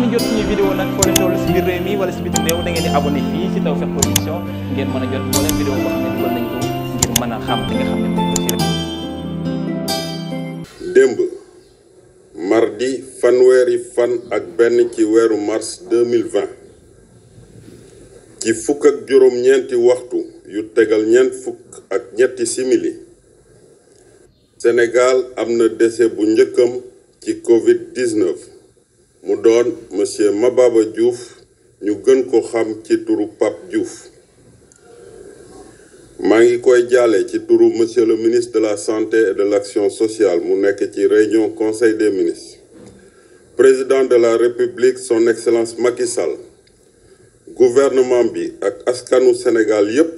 ngeen démb mardi fanweeri fan ak benn ci weeru mars 2020 ci fukk ak juróom-ñeenti waxtu yu tegal ñeent fukk ak ñetti simili senegal am na décès bu njëkkam ci covid 19 mu doon monsieur Mababa Diouf ñu gën ko xam ci turu Pape Diouf maa ngi koy jaale ci turu monsieur le ministre de la santé et de l'action sociale mu nekk ci réunion conseil des ministre président de la république son excellence Macky Sall gouvernement bi ak askanu senegal yépp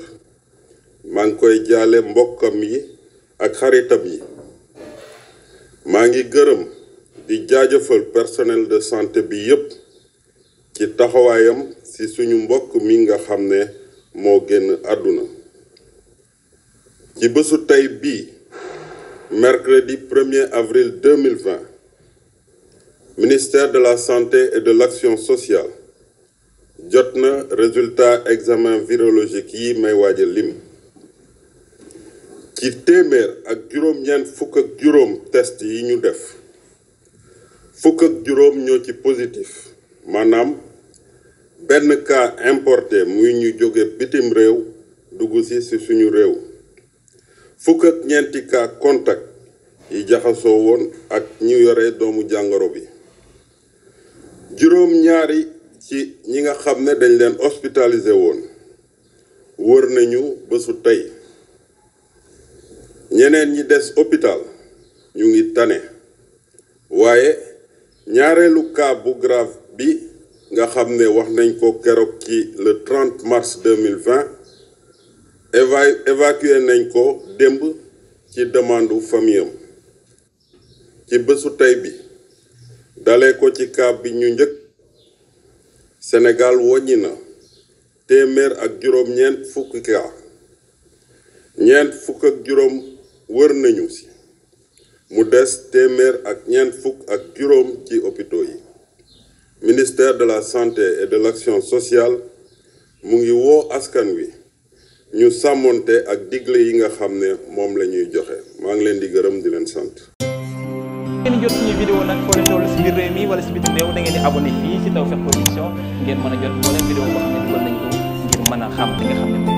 maa ngi koy jaale mbokkam yi ak xaritam yi maa ngi gërëm di jaajëfal personnel de santé bi yépp ci taxawaayam ci suñu mbokk mi nga xam ne moo génn àdduna ci bésu tey bi mercredi 1er avril 2020 ministère de la santé et de l'action sociale jot na résultat examen virologique yi may waaja lim ci téeméer ak juróom-ñeent fukk ak juróom test yi ñu def fukk ak juróom ñoo ci positif maanaam benn cas importé muy ñu jóge bitim réew dugg si si suñu réew fukk ak ñeenti cas contact yi jaxasoo woon ak ñu yore doomu jàngoro bi juróom ñaari ci ñi nga xam ne dañ leen hospitalisé woon wër nañu bésu tey ñeneen ñi des hôpital ñu ngi tane waaye ñaareelu cas bu grave bi nga xam ne wax nañ ko keroog ci le 30 mars 2020 éva évacué nañ ko démb ci demandu famiyam ci bésu tey bi dalee ko ci cas bi ñu njëkk senegal woññi na téeméer ak juróom ñeent wër nañu ci mu des téeméer ak ñeent fukk ak juróom ci hôpitaux yi ministère de la santé et de l'action sociale mu ngi woo askan wi ñu sàmmoonte ak digle yi nga xam ne moom la ñuy joxe maa ngi leen di gërëm di leen sant.